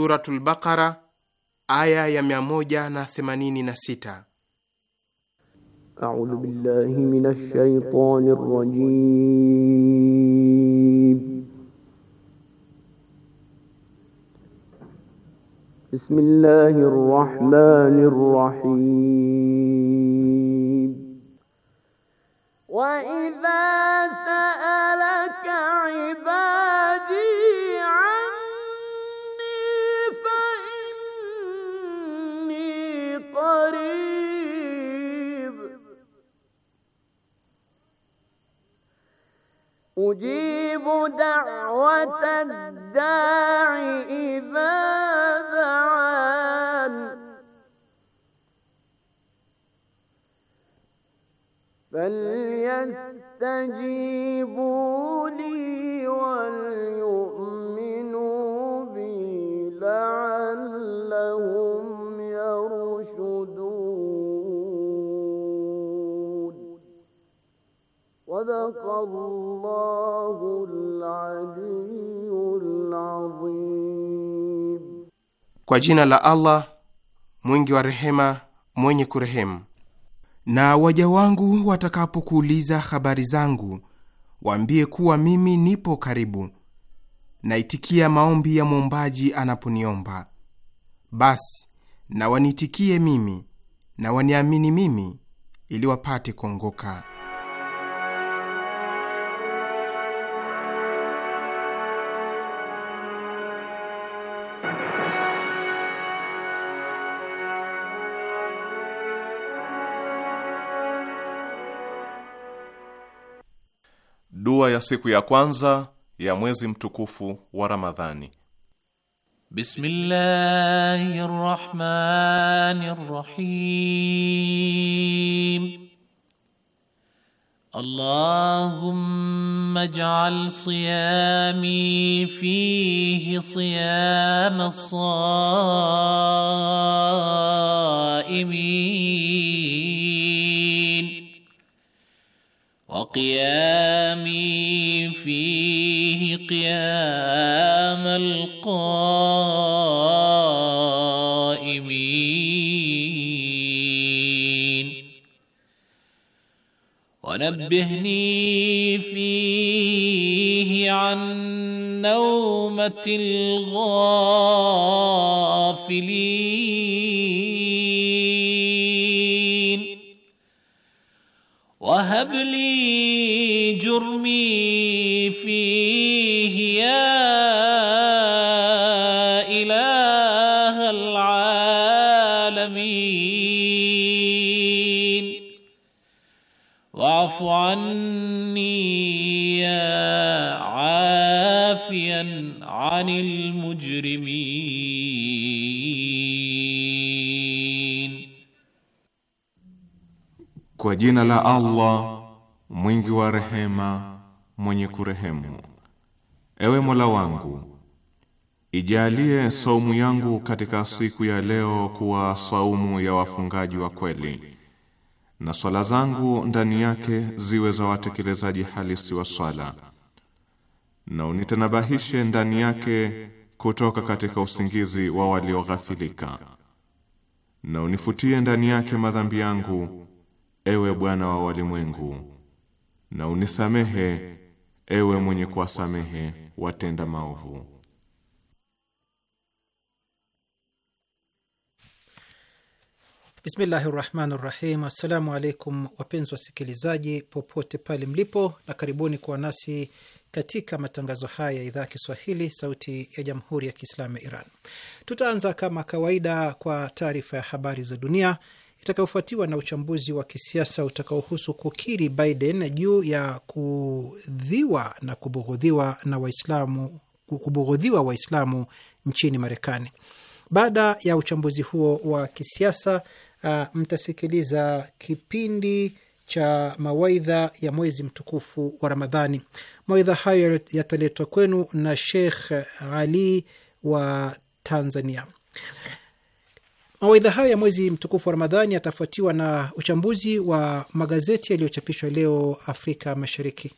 Suratul Baqara aya ya 186. A'udhu billahi minash shaitanir rajim. Bismillahir rahmanir rahim وتدارك Kwa jina la Allah mwingi wa rehema, mwenye kurehemu. Na waja wangu watakapokuuliza habari zangu, waambie kuwa mimi nipo karibu, naitikia maombi ya mwombaji anaponiomba. Basi na wanitikie mimi na waniamini mimi, ili wapate kuongoka. Dua ya siku ya kwanza ya mwezi mtukufu wa Ramadhani. Bismillahir Rahmanir Rahim. Allahumma ij'al siyami fihi siyama as-saimin وقيامي فيه قيام القائمين ونبهني فيه عن نومة الغافلين هب لي جرمي فيه يا إله العالمين واعف عني يا عافيا عن المجرمين Kwa jina la Allah mwingi wa rehema, mwenye kurehemu. Ewe Mola wangu, ijalie saumu yangu katika siku ya leo kuwa saumu ya wafungaji wa kweli, na swala zangu ndani yake ziwe za watekelezaji halisi wa swala, na unitanabahishe ndani yake kutoka katika usingizi wa walioghafilika, na unifutie ndani yake madhambi yangu ewe Bwana wa walimwengu, na unisamehe, ewe mwenye kuwasamehe watenda maovu. Bismillahi rahmani rahim. Assalamu alaikum wapenzi wasikilizaji popote pale mlipo, na karibuni kwa nasi katika matangazo haya ya idhaa ya Kiswahili, sauti ya jamhuri ya kiislamu ya Iran. Tutaanza kama kawaida kwa taarifa ya habari za dunia itakayofuatiwa na uchambuzi wa kisiasa utakaohusu kukiri Biden juu ya kudhiwa na kubughudhiwa na Waislamu, kubughudhiwa Waislamu nchini Marekani. Baada ya uchambuzi huo wa kisiasa uh, mtasikiliza kipindi cha mawaidha ya mwezi mtukufu wa Ramadhani. Mawaidha hayo yataletwa kwenu na Sheikh Ali wa Tanzania. Mawaidha hayo ya mwezi mtukufu wa Ramadhani yatafuatiwa na uchambuzi wa magazeti yaliyochapishwa leo Afrika Mashariki.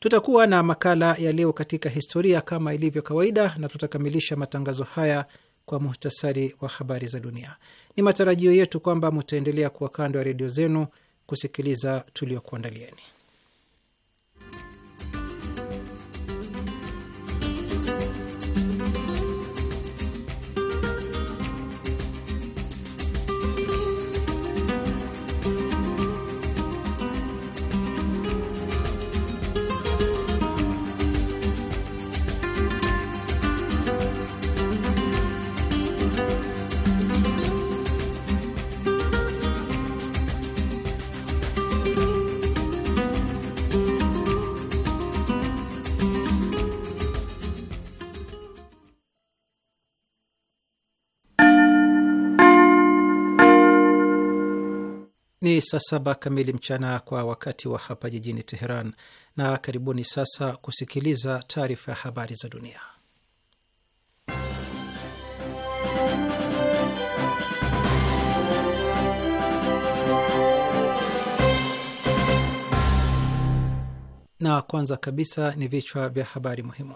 Tutakuwa na makala ya leo katika historia kama ilivyo kawaida, na tutakamilisha matangazo haya kwa muhtasari wa habari za dunia. Ni matarajio yetu kwamba mutaendelea kuwa kando ya redio zenu kusikiliza tuliokuandalieni. saa saba kamili mchana kwa wakati wa hapa jijini Teheran, na karibuni sasa kusikiliza taarifa ya habari za dunia. Na kwanza kabisa ni vichwa vya habari muhimu.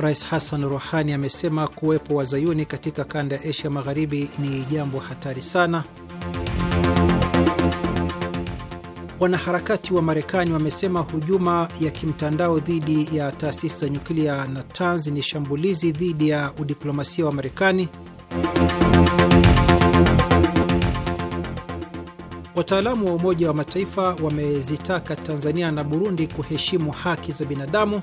Rais Hassan Rouhani amesema kuwepo wazayuni katika kanda ya Asia Magharibi ni jambo hatari sana. Wanaharakati wa Marekani wamesema hujuma ya kimtandao dhidi ya taasisi za nyuklia na tanz ni shambulizi dhidi ya udiplomasia wa Marekani. Wataalamu wa Umoja wa Mataifa wamezitaka Tanzania na Burundi kuheshimu haki za binadamu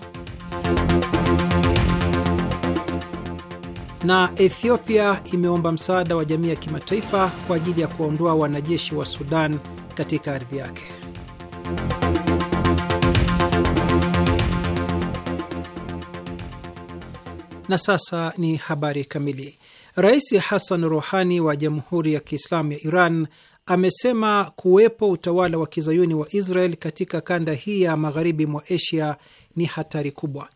na Ethiopia imeomba msaada wa jamii ya kimataifa kwa ajili ya kuwaondoa wanajeshi wa Sudan katika ardhi yake. Na sasa ni habari kamili. Rais Hassan Rohani wa Jamhuri ya Kiislamu ya Iran amesema kuwepo utawala wa kizayuni wa Israel katika kanda hii ya magharibi mwa Asia ni hatari kubwa.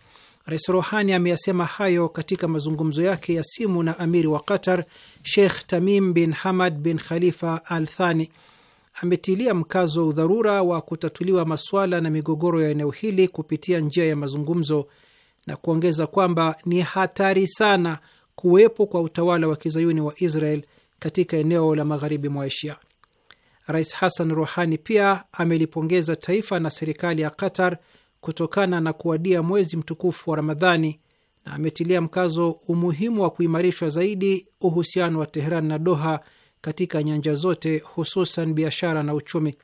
Rais Rohani ameyasema hayo katika mazungumzo yake ya simu na amiri wa Qatar, Sheikh Tamim bin Hamad bin Khalifa Al Thani. Ametilia mkazo udharura wa kutatuliwa masuala na migogoro ya eneo hili kupitia njia ya mazungumzo na kuongeza kwamba ni hatari sana kuwepo kwa utawala wa kizayuni wa Israel katika eneo la magharibi mwa Asia. Rais Hassan Rohani pia amelipongeza taifa na serikali ya Qatar kutokana na kuwadia mwezi mtukufu wa Ramadhani na ametilia mkazo umuhimu wa kuimarishwa zaidi uhusiano wa Teheran na Doha katika nyanja zote, hususan biashara na uchumi.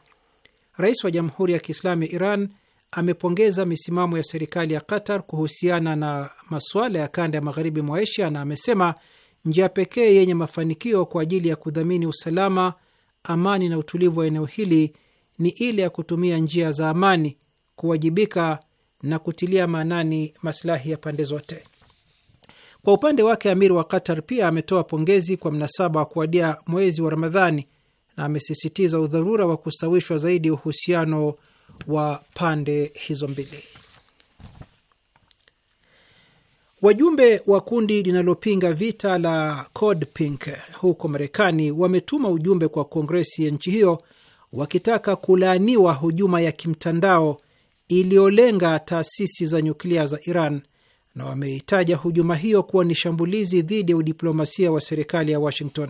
Rais wa Jamhuri ya Kiislamu ya Iran amepongeza misimamo ya serikali ya Qatar kuhusiana na masuala ya kanda ya magharibi mwa Asia na amesema njia pekee yenye mafanikio kwa ajili ya kudhamini usalama, amani na utulivu wa eneo hili ni ile ya kutumia njia za amani kuwajibika na kutilia maanani masilahi ya pande zote. Kwa upande wake, amir wa Qatar pia ametoa pongezi kwa mnasaba wa kuadia mwezi wa Ramadhani na amesisitiza udharura wa kustawishwa zaidi uhusiano wa pande hizo mbili. Wajumbe wa kundi linalopinga vita la Code Pink huko Marekani wametuma ujumbe kwa kongresi ya nchi hiyo wakitaka kulaaniwa hujuma ya kimtandao iliyolenga taasisi za nyuklia za Iran na wameitaja hujuma hiyo kuwa ni shambulizi dhidi ya udiplomasia wa serikali ya Washington.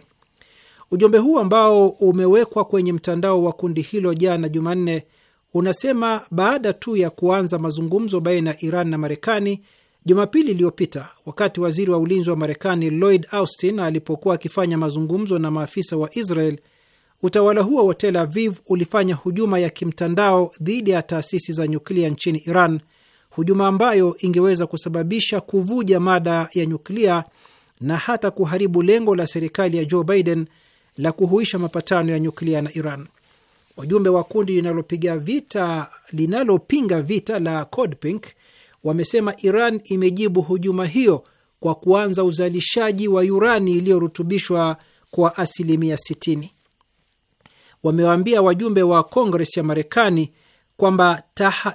Ujumbe huu ambao umewekwa kwenye mtandao wa kundi hilo jana Jumanne unasema baada tu ya kuanza mazungumzo baina ya Iran na Marekani Jumapili iliyopita, wakati waziri wa ulinzi wa Marekani Lloyd Austin alipokuwa akifanya mazungumzo na maafisa wa Israel Utawala huo wa Tel Aviv ulifanya hujuma ya kimtandao dhidi ya taasisi za nyuklia nchini Iran, hujuma ambayo ingeweza kusababisha kuvuja mada ya nyuklia na hata kuharibu lengo la serikali ya Joe Biden la kuhuisha mapatano ya nyuklia na Iran. Wajumbe wa kundi linalopiga vita linalopinga vita la codpink wamesema Iran imejibu hujuma hiyo kwa kuanza uzalishaji wa urani iliyorutubishwa kwa asilimia 60 wamewaambia wajumbe wa Kongres ya Marekani kwamba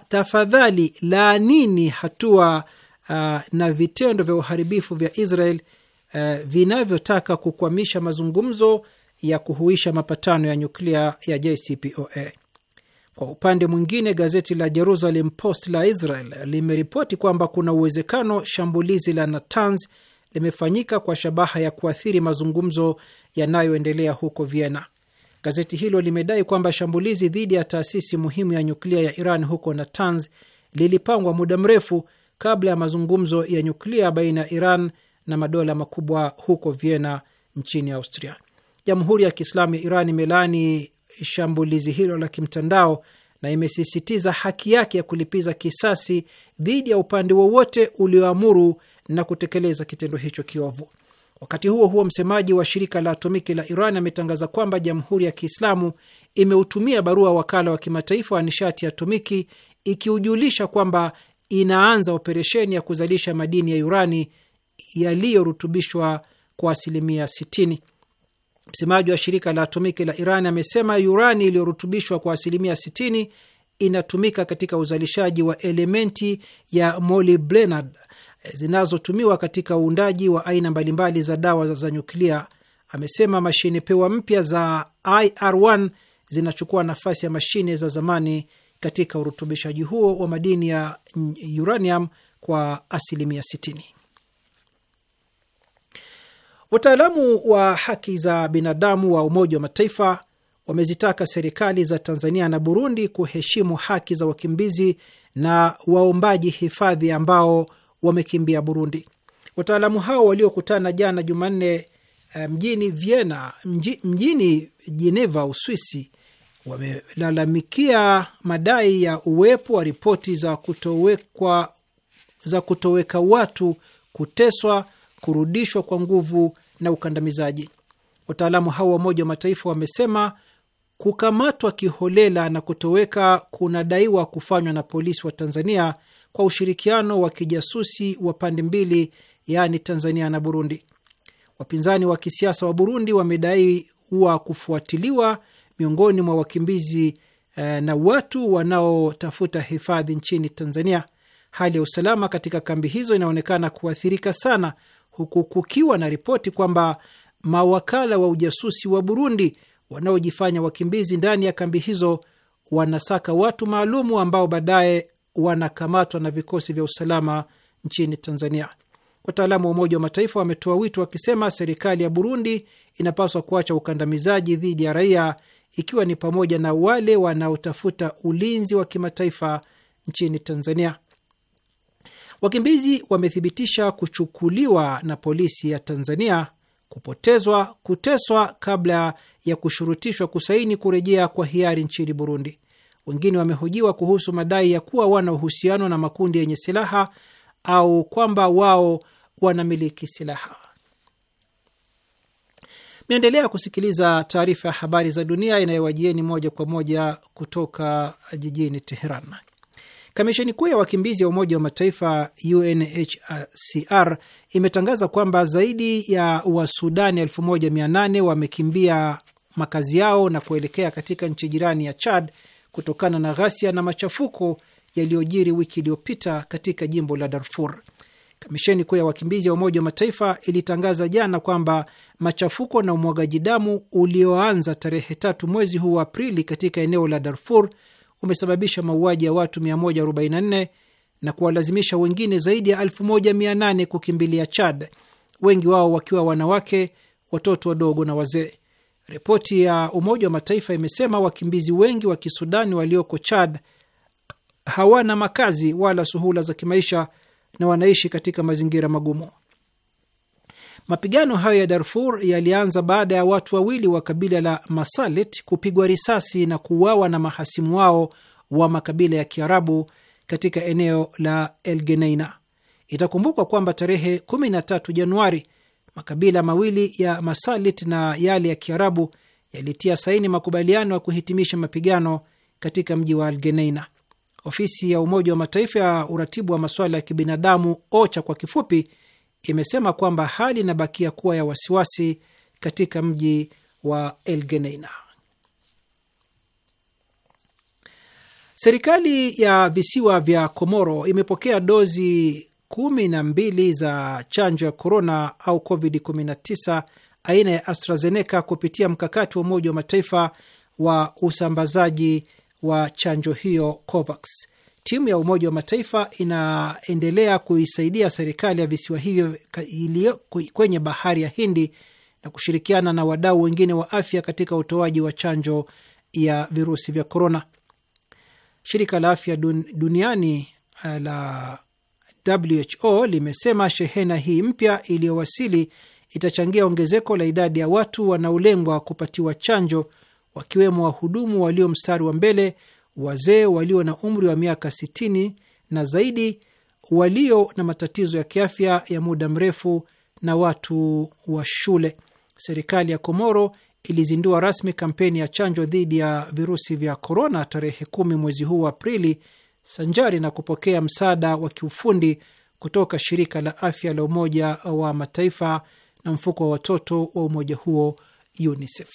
tafadhali laanini hatua uh, na vitendo vya uharibifu vya Israel uh, vinavyotaka kukwamisha mazungumzo ya kuhuisha mapatano ya nyuklia ya JCPOA. Kwa upande mwingine, gazeti la Jerusalem Post la Israel limeripoti kwamba kuna uwezekano shambulizi la Natanz limefanyika kwa shabaha ya kuathiri mazungumzo yanayoendelea huko Vienna. Gazeti hilo limedai kwamba shambulizi dhidi ya taasisi muhimu ya nyuklia ya Iran huko Natanz lilipangwa muda mrefu kabla ya mazungumzo ya nyuklia baina ya Iran na madola makubwa huko Vienna nchini Austria. Jamhuri ya Kiislamu ya Iran imelaani shambulizi hilo la kimtandao na imesisitiza haki yake ya kulipiza kisasi dhidi ya upande wowote ulioamuru na kutekeleza kitendo hicho kiovu. Wakati huo huo, msemaji wa shirika la atomiki la Iran ametangaza kwamba Jamhuri ya Kiislamu imeutumia barua wakala wa kimataifa wa nishati ya atomiki ikiujulisha kwamba inaanza operesheni ya kuzalisha madini ya urani yaliyorutubishwa kwa asilimia 60. Msemaji wa shirika la atomiki la Iran amesema urani iliyorutubishwa kwa asilimia 60 inatumika katika uzalishaji wa elementi ya molybdenum zinazotumiwa katika uundaji wa aina mbalimbali za dawa za nyuklia. Amesema mashine pewa mpya za IR1 zinachukua nafasi ya mashine za zamani katika urutubishaji huo wa madini ya uranium kwa asilimia 60. Wataalamu wa haki za binadamu wa Umoja wa Mataifa wamezitaka serikali za Tanzania na Burundi kuheshimu haki za wakimbizi na waombaji hifadhi ambao wamekimbia Burundi. Wataalamu hao waliokutana jana Jumanne eh, mjini Vienna, mjini Jeneva, Uswisi, wamelalamikia madai ya uwepo wa ripoti za kutowekwa za kutoweka watu, kuteswa, kurudishwa kwa nguvu na ukandamizaji. Wataalamu hao wa Umoja wa Mataifa wamesema kukamatwa kiholela na kutoweka kunadaiwa kufanywa na polisi wa Tanzania kwa ushirikiano wa kijasusi wa pande mbili, yaani Tanzania na Burundi. Wapinzani wa kisiasa wa Burundi wamedaiwa kufuatiliwa miongoni mwa wakimbizi eh, na watu wanaotafuta hifadhi nchini Tanzania. Hali ya usalama katika kambi hizo inaonekana kuathirika sana, huku kukiwa na ripoti kwamba mawakala wa ujasusi wa Burundi wanaojifanya wakimbizi ndani ya kambi hizo wanasaka watu maalumu ambao baadaye wanakamatwa na vikosi vya usalama nchini Tanzania. Wataalamu wa Umoja wa Mataifa wametoa wito wakisema serikali ya Burundi inapaswa kuacha ukandamizaji dhidi ya raia, ikiwa ni pamoja na wale wanaotafuta ulinzi wa kimataifa nchini Tanzania. Wakimbizi wamethibitisha kuchukuliwa na polisi ya Tanzania, kupotezwa, kuteswa kabla ya kushurutishwa kusaini kurejea kwa hiari nchini Burundi. Wengine wamehojiwa kuhusu madai ya kuwa wana uhusiano na makundi yenye silaha au kwamba wao wanamiliki silaha. Naendelea kusikiliza taarifa ya habari za dunia inayowajieni moja kwa moja kutoka jijini Teheran. Kamisheni kuu ya wakimbizi ya Umoja wa Mataifa, UNHCR, imetangaza kwamba zaidi ya Wasudani 1800 wamekimbia makazi yao na kuelekea katika nchi jirani ya Chad kutokana na ghasia na machafuko yaliyojiri wiki iliyopita katika jimbo la Darfur. Kamisheni kuu ya wakimbizi ya Umoja wa Mataifa ilitangaza jana kwamba machafuko na umwagaji damu ulioanza tarehe tatu mwezi huu wa Aprili katika eneo la Darfur umesababisha mauaji ya watu 144 na kuwalazimisha wengine zaidi ya 1800 kukimbilia Chad, wengi wao wakiwa wanawake, watoto wadogo na wazee. Ripoti ya Umoja wa Mataifa imesema wakimbizi wengi wa Kisudani walioko Chad hawana makazi wala suhula za kimaisha na wanaishi katika mazingira magumu. Mapigano hayo ya Darfur yalianza baada ya watu wawili wa kabila la Masalit kupigwa risasi na kuuawa na mahasimu wao wa makabila ya Kiarabu katika eneo la elgeneina Itakumbukwa kwamba tarehe 13 Januari Makabila mawili ya Masalit na yale ya Kiarabu yalitia saini makubaliano ya kuhitimisha mapigano katika mji wa Algeneina. Ofisi ya Umoja wa Mataifa ya uratibu wa masuala ya kibinadamu, OCHA kwa kifupi, imesema kwamba hali inabakia kuwa ya wasiwasi katika mji wa Elgeneina. Serikali ya visiwa vya Komoro imepokea dozi kumi na mbili za chanjo ya korona au COVID-19 aina ya AstraZeneca kupitia mkakati wa Umoja wa Mataifa wa usambazaji wa chanjo hiyo COVAX. Timu ya Umoja wa Mataifa inaendelea kuisaidia serikali ya visiwa hivyo iliyo kwenye bahari ya Hindi na kushirikiana na wadau wengine wa afya katika utoaji wa chanjo ya virusi vya korona. Shirika la afya dun, duniani eh, la WHO limesema shehena hii mpya iliyowasili itachangia ongezeko la idadi ya watu wanaolengwa kupatiwa chanjo, wakiwemo wahudumu walio mstari wa mbele, wazee walio na umri wa miaka 60 na zaidi, walio na matatizo ya kiafya ya muda mrefu na watu wa shule. Serikali ya Komoro ilizindua rasmi kampeni ya chanjo dhidi ya virusi vya korona tarehe kumi mwezi huu wa Aprili sanjari na kupokea msaada wa kiufundi kutoka shirika la afya la Umoja wa Mataifa na mfuko wa watoto wa umoja huo UNICEF.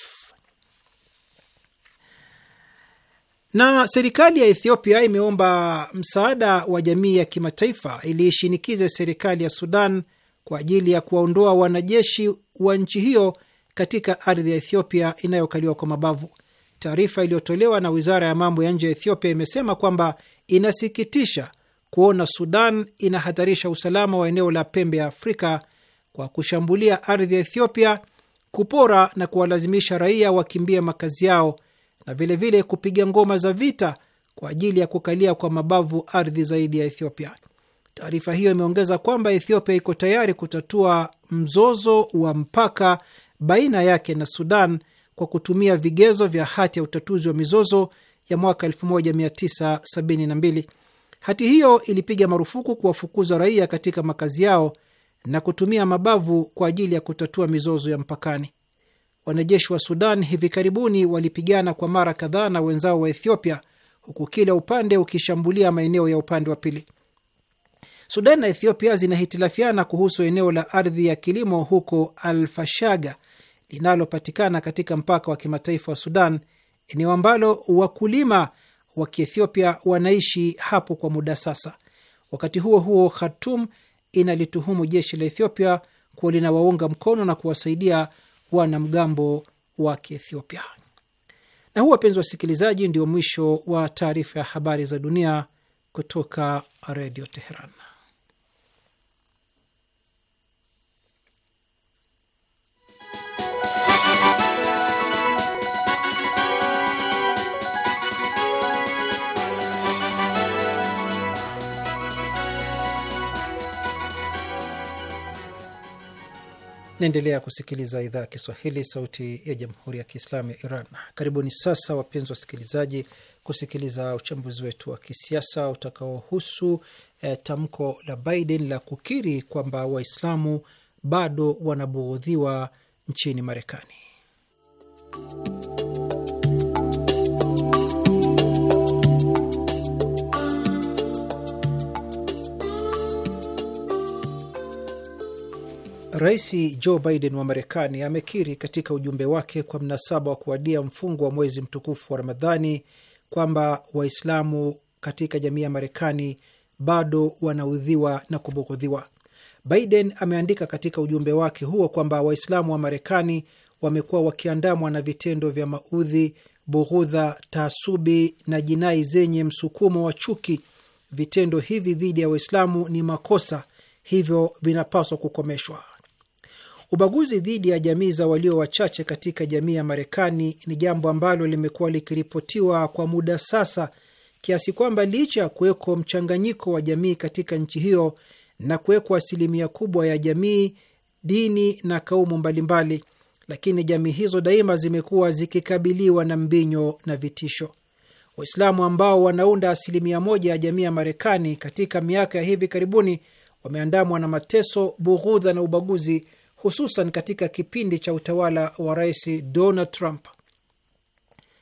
Na serikali ya Ethiopia imeomba msaada wa jamii ya kimataifa ili ishinikize serikali ya Sudan kwa ajili ya kuwaondoa wanajeshi wa nchi hiyo katika ardhi ya Ethiopia inayokaliwa kwa mabavu. Taarifa iliyotolewa na wizara ya mambo ya nje ya Ethiopia imesema kwamba Inasikitisha kuona Sudan inahatarisha usalama wa eneo la pembe ya Afrika kwa kushambulia ardhi ya Ethiopia, kupora na kuwalazimisha raia wakimbia makazi yao, na vilevile kupiga ngoma za vita kwa ajili ya kukalia kwa mabavu ardhi zaidi ya Ethiopia. Taarifa hiyo imeongeza kwamba Ethiopia iko tayari kutatua mzozo wa mpaka baina yake na Sudan kwa kutumia vigezo vya hati ya utatuzi wa mizozo ya mwaka 1972. Hati hiyo ilipiga marufuku kuwafukuza raia katika makazi yao na kutumia mabavu kwa ajili ya kutatua mizozo ya mpakani. Wanajeshi wa Sudan hivi karibuni walipigana kwa mara kadhaa na wenzao wa Ethiopia, huku kila upande ukishambulia maeneo ya upande wa pili. Sudan na Ethiopia zinahitilafiana kuhusu eneo la ardhi ya kilimo huko Alfashaga linalopatikana katika mpaka wa kimataifa wa Sudan eneo ambalo wakulima wa Kiethiopia wanaishi hapo kwa muda sasa. Wakati huo huo, khatum inalituhumu jeshi la Ethiopia kuwa linawaunga mkono na kuwasaidia wanamgambo wa Kiethiopia. Na huu, wapenzi wasikilizaji, ndio mwisho wa taarifa ya habari za dunia kutoka Redio Teheran. Naendelea kusikiliza idhaa ya Kiswahili, sauti ya jamhuri ya kiislamu ya Iran. Karibuni sasa, wapenzi wasikilizaji, kusikiliza uchambuzi wetu wa kisiasa utakaohusu eh, tamko la Biden la kukiri kwamba Waislamu bado wanabughudhiwa nchini Marekani. Rais Joe Biden wa Marekani amekiri katika ujumbe wake kwa mnasaba wa kuadia mfungo wa mwezi mtukufu wa Ramadhani kwamba Waislamu katika jamii ya Marekani bado wanaudhiwa na kubughudhiwa. Biden ameandika katika ujumbe wake huo kwamba Waislamu wa Marekani wamekuwa wakiandamwa na vitendo vya maudhi, bughudha, taasubi na jinai zenye msukumo wa chuki. Vitendo hivi dhidi ya Waislamu ni makosa, hivyo vinapaswa kukomeshwa. Ubaguzi dhidi ya jamii za walio wachache katika jamii ya Marekani ni jambo ambalo limekuwa likiripotiwa kwa muda sasa, kiasi kwamba licha ya kuwekwa mchanganyiko wa jamii katika nchi hiyo na kuwekwa asilimia kubwa ya jamii, dini na kaumu mbalimbali, lakini jamii hizo daima zimekuwa zikikabiliwa na mbinyo na vitisho. Waislamu ambao wanaunda asilimia moja ya jamii ya Marekani katika miaka ya hivi karibuni wameandamwa na mateso, bughudha na ubaguzi hususan katika kipindi cha utawala wa Rais Donald Trump.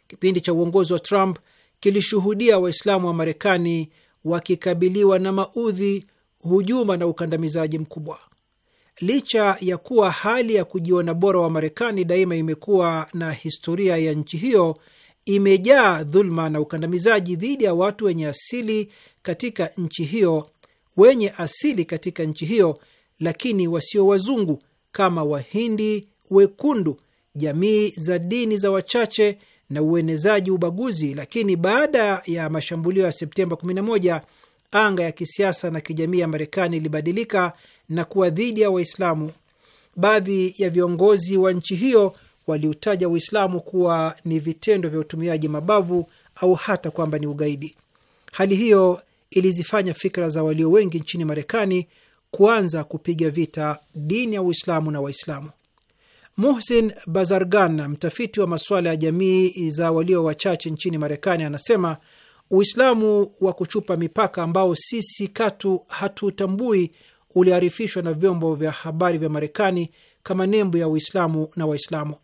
Kipindi cha uongozi wa Trump kilishuhudia Waislamu wa Marekani wakikabiliwa na maudhi, hujuma na ukandamizaji mkubwa. Licha ya kuwa hali ya kujiona bora wa Marekani daima imekuwa na historia ya nchi hiyo imejaa dhuluma na ukandamizaji dhidi ya watu wenye asili katika nchi hiyo wenye asili katika nchi hiyo, lakini wasio wazungu kama Wahindi wekundu, jamii za dini za wachache na uenezaji ubaguzi. Lakini baada ya mashambulio ya Septemba 11 anga ya kisiasa na kijamii ya Marekani ilibadilika na kuwa dhidi ya Waislamu. Baadhi ya viongozi wa nchi hiyo waliutaja Uislamu kuwa ni vitendo vya utumiaji mabavu au hata kwamba ni ugaidi. Hali hiyo ilizifanya fikra za walio wengi nchini Marekani kuanza kupiga vita dini ya Uislamu na Waislamu. Muhsin Bazargan, mtafiti wa masuala ya jamii za walio wachache nchini Marekani, anasema Uislamu wa kuchupa mipaka ambao sisi katu hatutambui uliarifishwa na vyombo vya habari vya Marekani kama nembo ya Uislamu na Waislamu.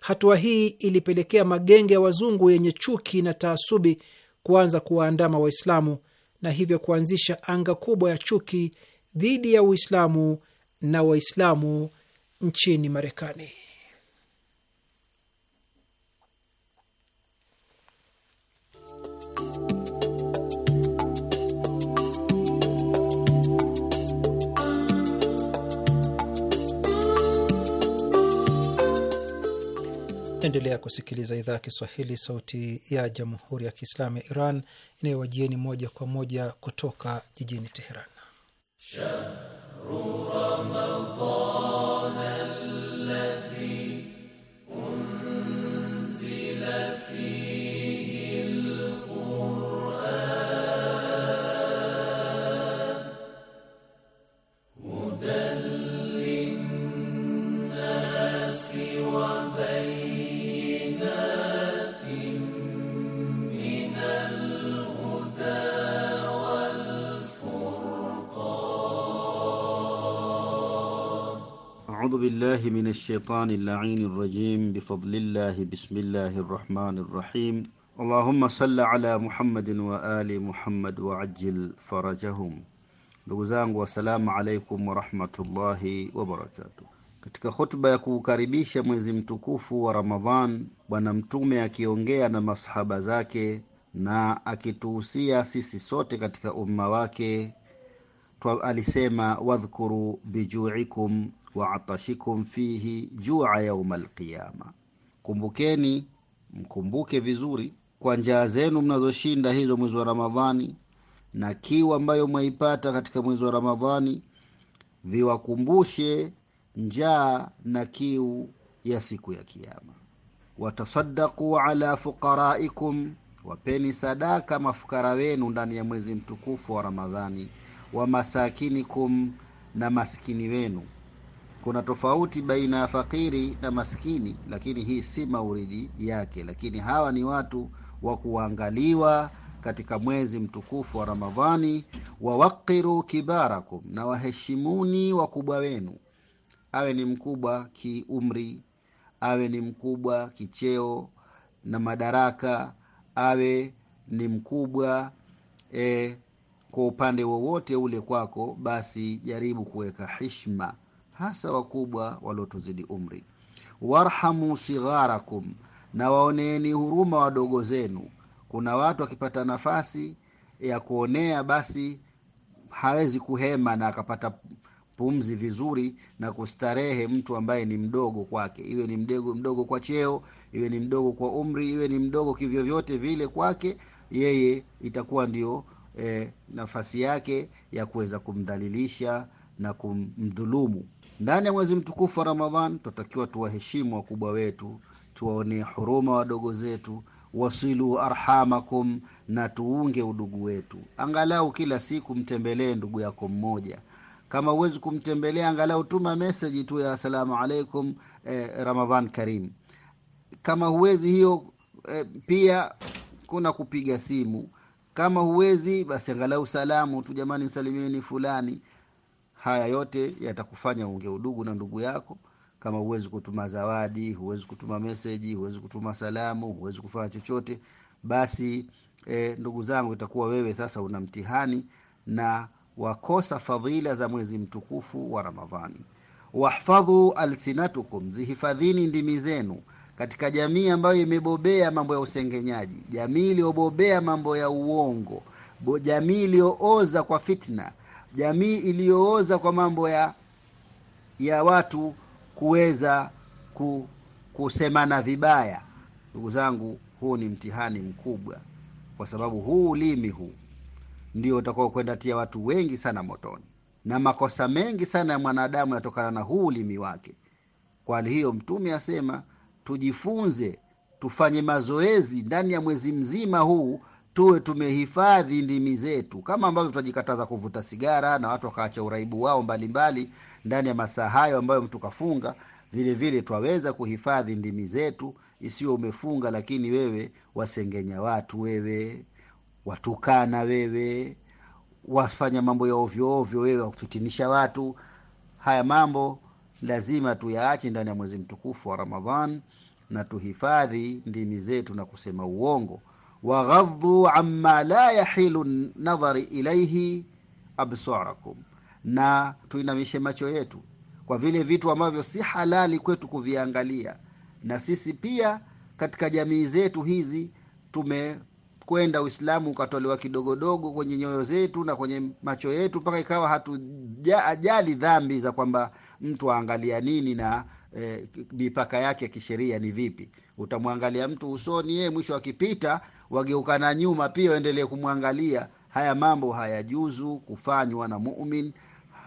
Hatua hii ilipelekea magenge ya wazungu yenye chuki na taasubi kuanza kuwaandama Waislamu na hivyo kuanzisha anga kubwa ya chuki dhidi ya Uislamu na Waislamu nchini Marekani. Endelea kusikiliza idhaa ya Kiswahili, sauti ya jamhuri ya kiislamu ya Iran inayowajieni moja kwa moja kutoka jijini Teheran. شهر رمضان أعوذ بالله من الشيطان اللعين الرجيم بفضل الله بسم الله الرحمن الرحيم اللهم صل على محمد وآل محمد وعجل فرجهم لغزان والسلام عليكم ورحمة الله وبركاته katika hotuba ya kuukaribisha mwezi mtukufu wa ramadhan bwana mtume akiongea na masahaba zake na akituhusia sisi sote katika umma wake alisema wadhkuru bijuikum wa atashikum fihi jua yauma alqiyama, kumbukeni mkumbuke vizuri kwa njaa zenu mnazoshinda hizo mwezi wa Ramadhani na kiu ambayo mwaipata katika mwezi wa Ramadhani, viwakumbushe njaa na kiu ya siku ya Kiyama. Watasaddaqu ala fuqaraikum, wapeni sadaka mafukara wenu ndani ya mwezi mtukufu wa Ramadhani. Wa masakinikum, na maskini wenu kuna tofauti baina ya fakiri na maskini, lakini hii si mauridi yake, lakini hawa ni watu wa kuangaliwa katika mwezi mtukufu wa Ramadhani. wawakiru kibarakum, na waheshimuni wakubwa wenu, awe ni mkubwa kiumri, awe ni mkubwa kicheo na madaraka, awe ni mkubwa eh, kwa upande wowote ule kwako, basi jaribu kuweka hishma hasa wakubwa waliotuzidi umri warhamu sigharakum na waoneeni huruma wadogo zenu kuna watu akipata nafasi ya kuonea basi hawezi kuhema na akapata pumzi vizuri na kustarehe mtu ambaye ni mdogo kwake iwe ni mdogo mdogo kwa cheo iwe ni mdogo kwa umri iwe ni mdogo kivyovyote vile kwake yeye itakuwa ndio eh, nafasi yake ya kuweza kumdhalilisha na kumdhulumu. Ndani ya mwezi mtukufu wa Ramadhan tunatakiwa tuwaheshimu wakubwa wetu, tuwaonee huruma wadogo zetu, wasilu arhamakum, na tuunge udugu wetu. Angalau kila siku mtembelee ndugu yako mmoja kama huwezi kumtembelea angalau tuma meseji tu ya asalamu alaikum, eh, Ramadhan karim. Kama huwezi hiyo eh, pia kuna kupiga simu. Kama huwezi basi angalau salamu tu, jamani, salimieni fulani. Haya yote yatakufanya unge udugu na ndugu yako. Kama huwezi kutuma zawadi, huwezi kutuma meseji, huwezi kutuma salamu, huwezi kufanya chochote, basi e, ndugu zangu, itakuwa wewe sasa una mtihani na wakosa fadhila za mwezi mtukufu wa Ramadhani. Wahfadhu alsinatukum, zihifadhini ndimi zenu katika jamii ambayo imebobea mambo ya usengenyaji, jamii iliyobobea mambo ya uongo, jamii iliyooza kwa fitna jamii iliyooza kwa mambo ya ya watu kuweza ku, kusemana vibaya ndugu zangu huu ni mtihani mkubwa kwa sababu huu ulimi huu ndio utakuwa kwenda tia watu wengi sana motoni na makosa mengi sana ya mwanadamu yatokana na huu ulimi wake kwa hali hiyo mtume asema tujifunze tufanye mazoezi ndani ya mwezi mzima huu tuwe tumehifadhi ndimi zetu kama ambavyo tutajikataza kuvuta sigara na watu wakaacha uraibu wao mbalimbali mbali, ndani ya masaa hayo ambayo mtu kafunga vile vile twaweza kuhifadhi ndimi zetu isiyo umefunga lakini wewe wasengenya watu wewe watukana wewe wafanya mambo ya ovyoovyo wewe wakufitinisha watu haya mambo lazima tuyaache ndani ya mwezi mtukufu wa ramadhan na tuhifadhi ndimi zetu na kusema uongo waghadhu amma la yahilu nadhari ilaihi absarakum, na tuinamishe macho yetu kwa vile vitu ambavyo si halali kwetu kuviangalia. Na sisi pia katika jamii zetu hizi tumekwenda, Uislamu ukatolewa kidogodogo kwenye nyoyo zetu na kwenye macho yetu, mpaka ikawa hatujali dhambi za kwamba mtu aangalia nini na e, mipaka yake ya kisheria ni vipi. Utamwangalia mtu usoni, yeye mwisho akipita wageukana nyuma pia waendelee kumwangalia. Haya mambo hayajuzu kufanywa na mumin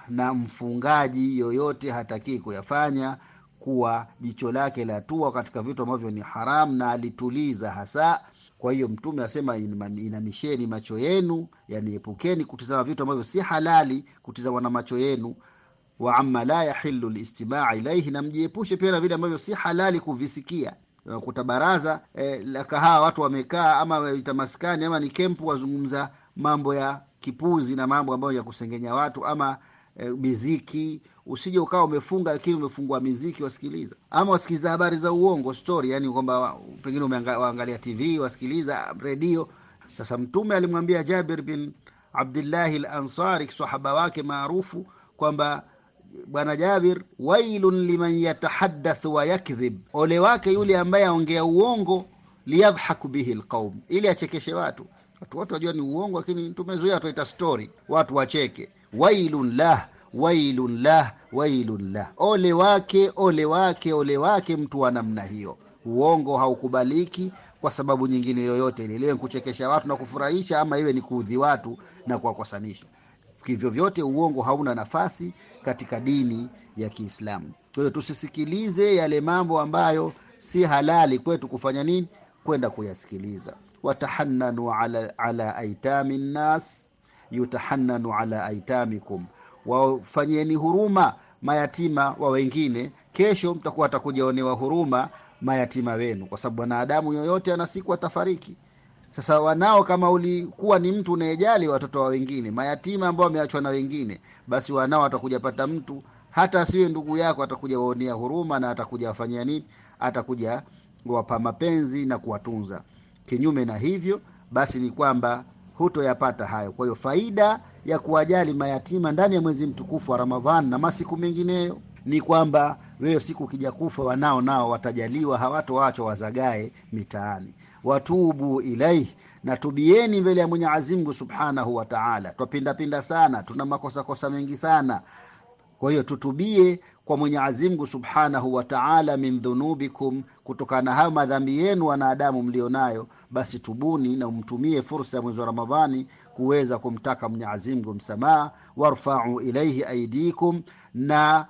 na mfungaji yoyote hatakii kuyafanya kuwa jicho lake latua katika vitu ambavyo ni haramu, na alituliza hasa. Kwa hiyo Mtume asema inamisheni macho yenu, yani epukeni kutizama vitu ambavyo si halali kutizama na macho yenu. waama la yahilu listimaa ilaihi, na mjiepushe pia na vile ambavyo si halali kuvisikia. Eh, kuta baraza eh, la kahawa, watu wamekaa ama waita maskani ama ni kempu, wazungumza mambo ya kipuzi na mambo ambayo ya kusengenya watu ama e, miziki. Usije ukawa umefunga lakini umefungua miziki wasikiliza, ama wasikiliza habari za uongo story, yani kwamba pengine waangalia TV, wasikiliza redio. Sasa Mtume alimwambia Jabir bin Abdillahi al-Ansari, sahaba wake maarufu kwamba Bwana Jabir, wailun liman yatahadathu wa yakdhib, ole wake yule ambaye aongea uongo liyadhhaku bihi alqaum, ili achekeshe watu. Watu wote wajua ni uongo, lakini tumezoea watuita story, watu wacheke. Wailun lah wailun lah wailun lah, ole wake, ole wake, ole wake mtu wa namna hiyo. Uongo haukubaliki kwa sababu nyingine yoyote ile, liwe kuchekesha watu na kufurahisha, ama iwe ni kuudhi watu na kuwakosanisha. Kivyovyote uongo hauna nafasi katika dini ya Kiislamu. Kwa hiyo tusisikilize yale mambo ambayo si halali kwetu kufanya nini, kwenda kuyasikiliza. watahannanu ala, ala aitami nnas yutahannanu ala aitamikum, wafanyeni huruma mayatima wa wengine, kesho mtakuwa atakujaonewa huruma mayatima wenu, kwa sababu wanadamu yoyote ana siku atafariki. Sasa wanao, kama ulikuwa ni mtu unayejali watoto wa wengine, mayatima ambao wameachwa na wengine, basi wanao watakuja pata mtu hata asiwe ndugu yako, atakuja waonea huruma na atakuja wafanyia nini, atakuja wapa mapenzi na kuwatunza. Kinyume na hivyo, basi ni kwamba hutoyapata hayo. Kwa hiyo faida ya kuwajali mayatima ndani ya mwezi mtukufu wa Ramadhani na masiku mengineyo ni kwamba wewe siku ukija kufa, wanao nao watajaliwa, hawatoachwa wazagae mitaani watubu ilaihi na tubieni mbele ya Mwenyezi subhanahu wa taala. Twapindapinda sana, tuna makosakosa mengi sana. Kwa hiyo tutubie kwa Mwenyezi subhanahu wa taala, min dhunubikum, kutokana na hayo madhambi yenu wanadamu mlionayo, basi tubuni na umtumie fursa ya mwezi wa Ramadhani kuweza kumtaka Mwenyezi Mungu msamaha. Warfau ilaihi aidikum, na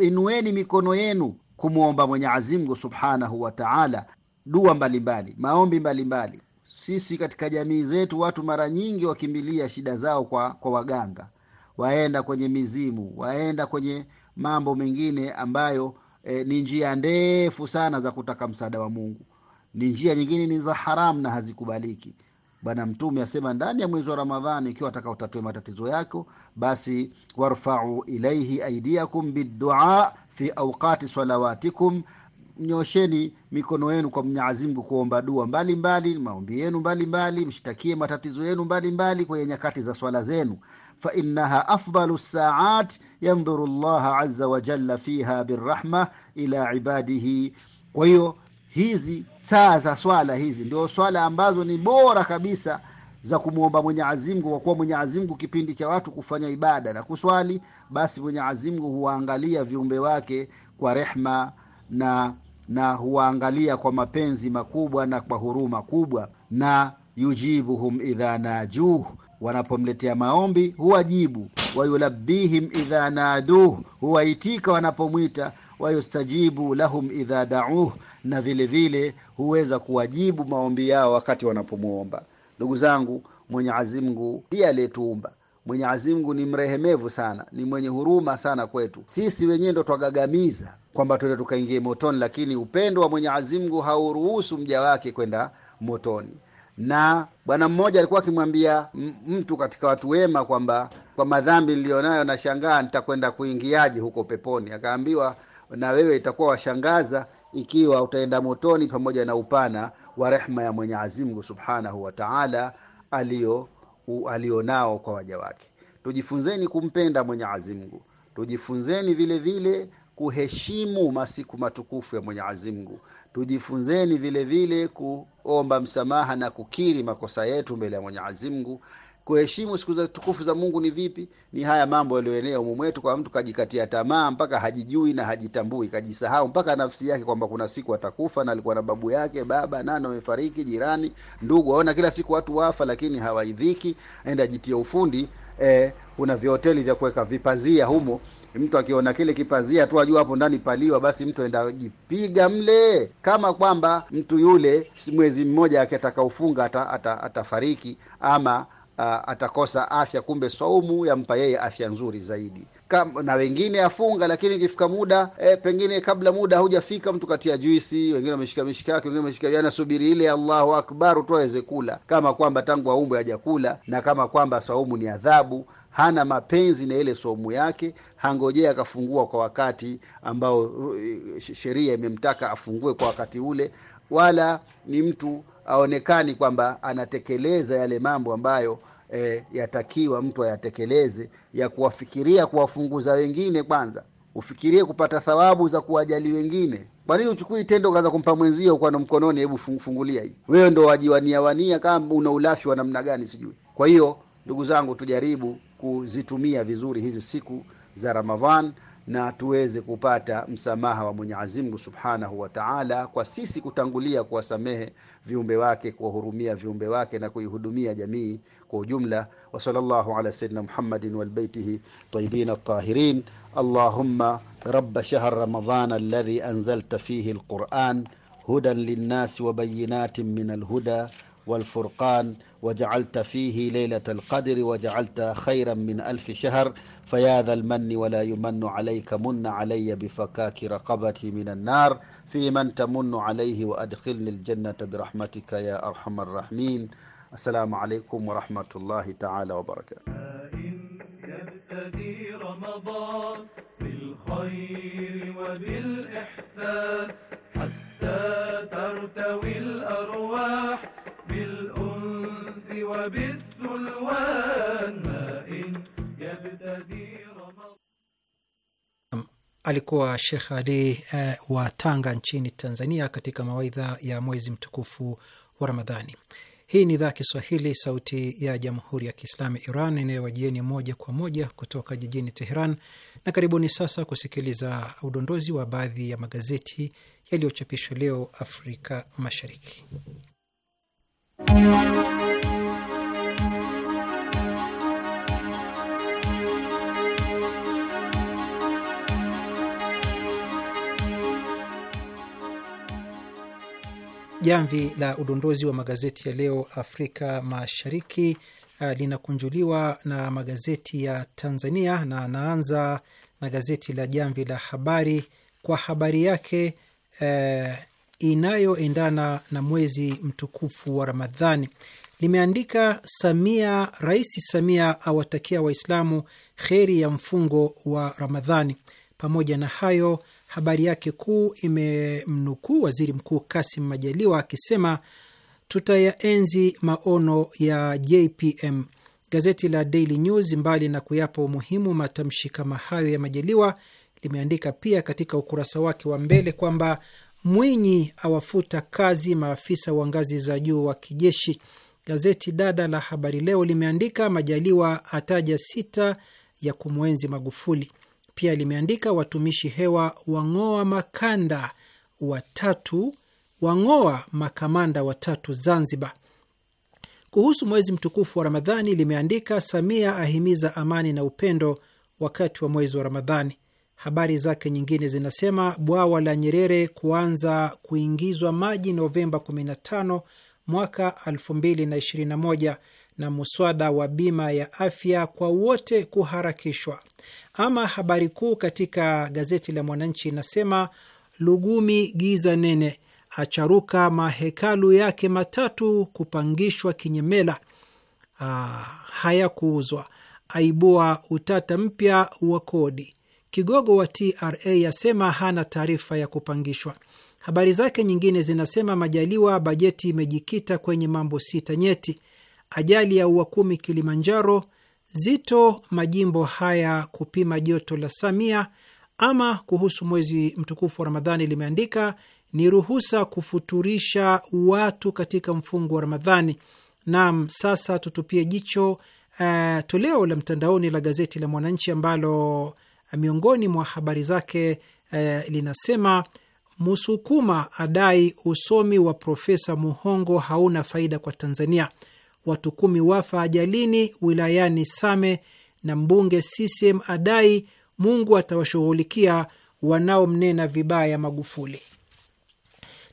inueni mikono yenu kumwomba Mwenyezi subhanahu wa taala dua mbalimbali, maombi mbalimbali. Sisi katika jamii zetu watu mara nyingi wakimbilia shida zao kwa, kwa waganga, waenda kwenye mizimu, waenda kwenye mambo mengine ambayo e, ni njia ndefu sana za kutaka msaada wa Mungu. Ni njia nyingine ni za haramu na hazikubaliki. Bwana Mtume asema ndani ya mwezi wa Ramadhani, ikiwa wataka utatue matatizo yako, basi warfau ilaihi aidiakum biddua fi auqati salawatikum nyosheni mikono yenu kwa Mwenyezi kuomba dua mbalimbali, maombi yenu mbalimbali, mshtakie matatizo yenu mbalimbali kwenye nyakati za swala zenu. Fa innaha afdalu saat yandhuru llaha aza wajalla fiha birahma ila ibadihi. Kwa hiyo hizi saa za swala hizi ndio swala ambazo ni bora kabisa za kumwomba Mwenyezi Mungu, kwa kuwa Mwenyezi kipindi cha watu kufanya ibada na kuswali, basi Mwenyezi huwaangalia viumbe wake kwa rehma na na huwaangalia kwa mapenzi makubwa na kwa huruma kubwa, na yujibuhum idha najuh, wanapomletea maombi huwajibu. Wayulabbihim idha naduh, huwaitika wanapomwita. Wayustajibu lahum idha dauh, na vile vile huweza kuwajibu maombi yao wakati wanapomwomba. Ndugu zangu, Mwenyezi Mungu ndiye aliyetuumba. Mwenyezi Mungu ni mrehemevu sana, ni mwenye huruma sana kwetu sisi. Wenyewe ndo twagagamiza kwamba tuende tukaingie motoni, lakini upendo wa mwenye azimgu hauruhusu mja wake kwenda motoni. Na bwana mmoja alikuwa akimwambia mtu katika watu wema kwamba kwa madhambi niliyonayo nashangaa nitakwenda kuingiaje huko peponi. Akaambiwa, na wewe itakuwa washangaza ikiwa utaenda motoni pamoja na upana wa rehma ya mwenye azimgu Subhanahu wataala Ta'ala alio alionao kwa waja wake. Tujifunzeni kumpenda mwenye azimgu tujifunzeni vile vile kuheshimu masiku matukufu ya Mwenyezi Mungu. Tujifunzeni vile vile kuomba msamaha na kukiri makosa yetu mbele ya Mwenyezi Mungu. Kuheshimu siku za tukufu za Mungu ni vipi? Ni haya mambo yaliyoenea umu mwetu, kwa mtu kajikatia tamaa mpaka hajijui na hajitambui, kajisahau mpaka nafsi yake kwamba kuna siku atakufa, na alikuwa na babu yake, baba nani amefariki, jirani, ndugu, aona kila siku watu wafa, lakini hawaidhiki. Aenda jitie ufundi eh, vihoteli vya kuweka vipazia humo Mtu akiona kile kipazia tu ajua hapo ndani paliwa, basi mtu aenda jipiga mle, kama kwamba mtu yule mwezi mmoja akitaka ufunga atafariki ata, ata ama a, atakosa afya. Kumbe saumu yampa yeye afya nzuri zaidi. Kam, na wengine afunga, lakini ikifika muda e, pengine kabla muda haujafika mtu katia juisi, wengine wameshika mishikaki, wengine wameshika anasubiri ile Allahu akbar tu aweze kula, kama kwamba tangu aumbwe hajakula, na kama kwamba saumu ni adhabu hana mapenzi na ile somu yake, hangojea akafungua kwa wakati ambao eh, sheria imemtaka afungue kwa wakati ule, wala ni mtu aonekani kwamba anatekeleza yale mambo ambayo e, yatakiwa mtu ayatekeleze ya kuwafikiria kuwafunguza wengine. Kwanza ufikirie kupata thawabu za kuwajali wengine. Kwa nini uchukui tendo kaza kumpa mwenzio kwano mkononi, hebu fungulia hii? Wewe ndo wajiwaniawania kama una ulafi wa namna gani sijui. Kwa hiyo Ndugu zangu, tujaribu kuzitumia vizuri hizi siku za Ramadhan na tuweze kupata msamaha wa mwenyeazimgu Subhanahu wa Ta'ala, kwa sisi kutangulia kuwasamehe viumbe wake, kuwahurumia viumbe wake na kuihudumia jamii kwa ujumla. Wa sallallahu ala sayyidina Muhammadin wal baitihi tayyibin at-tahirin. Allahumma rabb shahr ramadan alladhi anzalta fihi al-Quran hudan lin-nas wa bayyinatin min al-huda والفرقان وجعلت فيه ليلة القدر وجعلت خيرا من ألف شهر فيا ذا المن ولا يمن عليك من علي بفكاك رقبتي من النار في من تمن عليه وأدخلني الجنة برحمتك يا أرحم الراحمين السلام عليكم ورحمة الله تعالى وبركاته رمضان بالخير وبالإحسان حتى ترتوي الأرواح Alikuwa Shekh Ali eh, wa Tanga nchini Tanzania, katika mawaidha ya mwezi mtukufu wa Ramadhani. Hii ni idhaa ya Kiswahili, Sauti ya Jamhuri ya Kiislamu Iran inayowajieni moja kwa moja kutoka jijini Teheran. Na karibuni sasa kusikiliza udondozi wa baadhi ya magazeti yaliyochapishwa leo Afrika Mashariki. jamvi la udondozi wa magazeti ya leo Afrika Mashariki uh, linakunjuliwa na magazeti ya Tanzania na anaanza na gazeti la Jamvi la Habari kwa habari yake uh, inayoendana na mwezi mtukufu wa Ramadhani limeandika Samia, Rais Samia awatakia Waislamu kheri ya mfungo wa Ramadhani. Pamoja na hayo habari yake kuu imemnukuu waziri mkuu Kasim Majaliwa akisema tutayaenzi maono ya JPM. Gazeti la Daily News, mbali na kuyapa umuhimu matamshi kama hayo ya Majaliwa, limeandika pia katika ukurasa wake wa mbele kwamba Mwinyi awafuta kazi maafisa wa ngazi za juu wa kijeshi. Gazeti dada la Habari Leo limeandika Majaliwa ataja sita ya kumwenzi Magufuli. Pia limeandika watumishi hewa wang'oa makanda watatu, wang'oa makamanda watatu Zanzibar. Kuhusu mwezi mtukufu wa Ramadhani limeandika Samia ahimiza amani na upendo wakati wa mwezi wa Ramadhani. Habari zake nyingine zinasema bwawa la Nyerere kuanza kuingizwa maji Novemba 15 mwaka 2021 na muswada wa bima ya afya kwa wote kuharakishwa. Ama habari kuu katika gazeti la Mwananchi inasema Lugumi giza nene acharuka mahekalu yake matatu kupangishwa kinyemela, ah, hayakuuzwa, aibua utata mpya wa kodi, kigogo wa TRA asema hana taarifa ya kupangishwa. Habari zake nyingine zinasema Majaliwa, bajeti imejikita kwenye mambo sita nyeti, ajali ya ua kumi Kilimanjaro zito majimbo haya kupima joto la Samia ama kuhusu mwezi mtukufu wa Ramadhani limeandika ni ruhusa kufuturisha watu katika mfungo wa Ramadhani. Naam, sasa tutupie jicho uh, toleo la mtandaoni la gazeti la Mwananchi ambalo eh, miongoni mwa habari zake uh, linasema Musukuma adai usomi wa Profesa Muhongo hauna faida kwa Tanzania watu kumi wafa ajalini wilayani Same, na mbunge CCM adai Mungu atawashughulikia wanaomnena vibaya Magufuli.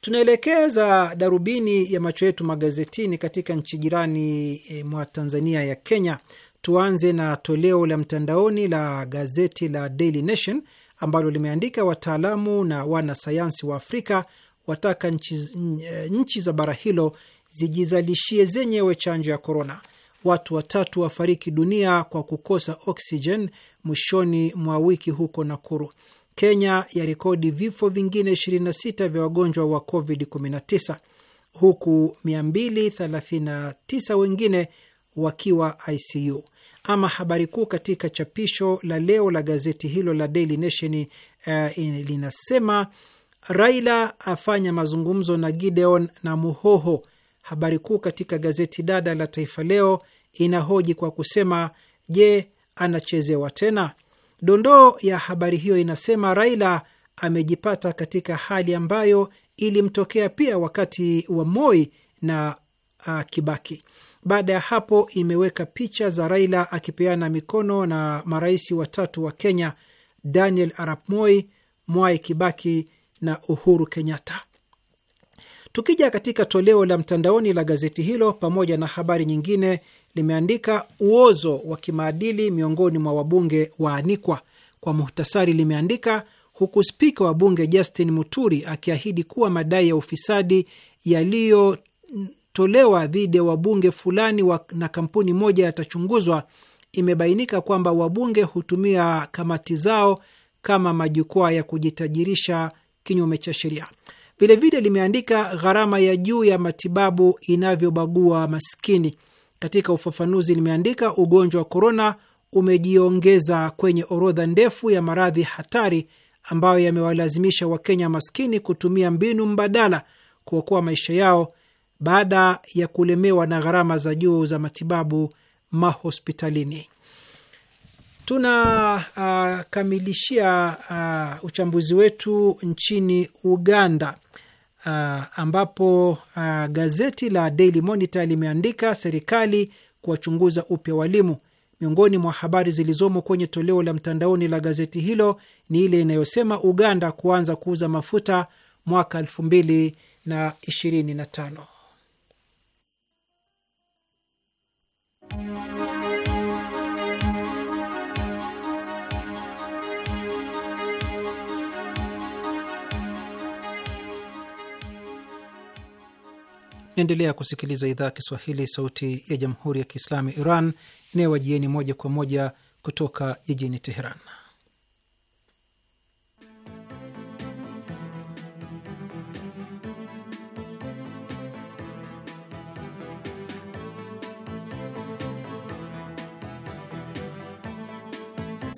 Tunaelekeza darubini ya macho yetu magazetini katika nchi jirani e, mwa Tanzania ya Kenya. Tuanze na toleo la mtandaoni la gazeti la Daily Nation ambalo limeandika wataalamu na wanasayansi wa Afrika wataka nchi, e, nchi za bara hilo zijizalishie zenyewe chanjo ya korona. Watu watatu wafariki dunia kwa kukosa oksijen mwishoni mwa wiki huko Nakuru. Kenya yarekodi vifo vingine 26 vya wagonjwa wa COVID-19 huku 239 wengine wakiwa ICU. Ama habari kuu katika chapisho la leo la gazeti hilo la Daily Nation uh, linasema Raila afanya mazungumzo na Gideon na Muhoho habari kuu katika gazeti dada la Taifa Leo inahoji kwa kusema, je, anachezewa tena? Dondoo ya habari hiyo inasema Raila amejipata katika hali ambayo ilimtokea pia wakati wa Moi na uh, Kibaki. Baada ya hapo imeweka picha za Raila akipeana mikono na marais watatu wa Kenya, Daniel Arap Moi, Mwai Kibaki na Uhuru Kenyatta. Tukija katika toleo la mtandaoni la gazeti hilo, pamoja na habari nyingine, limeandika uozo wa kimaadili miongoni mwa wabunge waanikwa. Kwa muhtasari, limeandika huku spika wa bunge Justin Muturi akiahidi kuwa madai ya ufisadi yaliyotolewa dhidi ya wabunge fulani wa, na kampuni moja yatachunguzwa, imebainika kwamba wabunge hutumia kamati zao kama majukwaa ya kujitajirisha kinyume cha sheria. Vilevile limeandika gharama ya juu ya matibabu inavyobagua maskini. Katika ufafanuzi limeandika ugonjwa wa korona umejiongeza kwenye orodha ndefu ya maradhi hatari ambayo yamewalazimisha Wakenya maskini kutumia mbinu mbadala kuokoa maisha yao baada ya kulemewa na gharama za juu za matibabu mahospitalini. Tunakamilishia uh, uh, uchambuzi wetu nchini Uganda uh, ambapo uh, gazeti la Daily Monitor limeandika serikali kuwachunguza upya walimu. Miongoni mwa habari zilizomo kwenye toleo la mtandaoni la gazeti hilo ni ile inayosema Uganda kuanza kuuza mafuta mwaka 225 Naendelea kusikiliza idhaa ya Kiswahili, sauti ya jamhuri ya kiislamu ya Iran inayowajieni moja kwa moja kutoka jijini Teheran.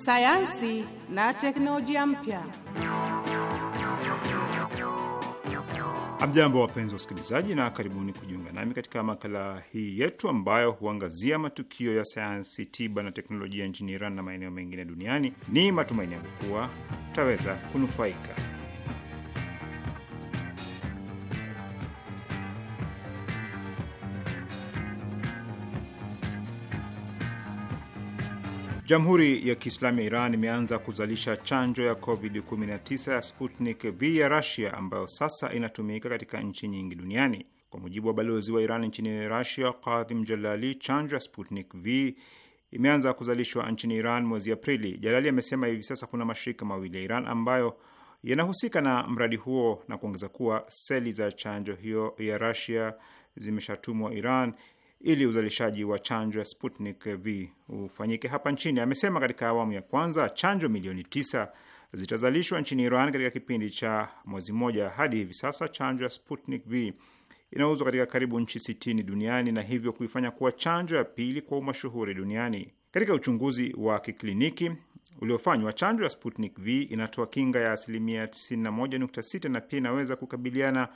Sayansi na teknolojia mpya. Amjambo, wapenzi wa usikilizaji, na karibuni kujiunga nami katika makala hii yetu ambayo huangazia matukio ya sayansi, tiba na teknolojia nchini Iran na maeneo mengine duniani. Ni matumaini yangu kuwa utaweza kunufaika. Jamhuri ya Kiislamu ya Iran imeanza kuzalisha chanjo ya COVID-19 ya Sputnik V ya rasia ambayo sasa inatumika katika nchi nyingi duniani. Kwa mujibu wa balozi wa Iran nchini rasia Kadhim Jalali, chanjo ya Sputnik V imeanza kuzalishwa nchini Iran mwezi Aprili. Jalali amesema hivi sasa kuna mashirika mawili ya Iran ambayo yanahusika na mradi huo na kuongeza kuwa seli za chanjo hiyo ya rasia zimeshatumwa Iran ili uzalishaji wa chanjo ya Sputnik V ufanyike hapa nchini. Amesema katika awamu ya kwanza chanjo milioni tisa zitazalishwa nchini Iran katika kipindi cha mwezi mmoja. Hadi hivi sasa chanjo ya Sputnik V inauzwa katika karibu nchi sitini duniani na hivyo kuifanya kuwa chanjo ya pili kwa umashuhuri duniani. Katika uchunguzi wa kikliniki uliofanywa, chanjo ya Sputnik V inatoa kinga ya asilimia 91.6 na pia inaweza kukabiliana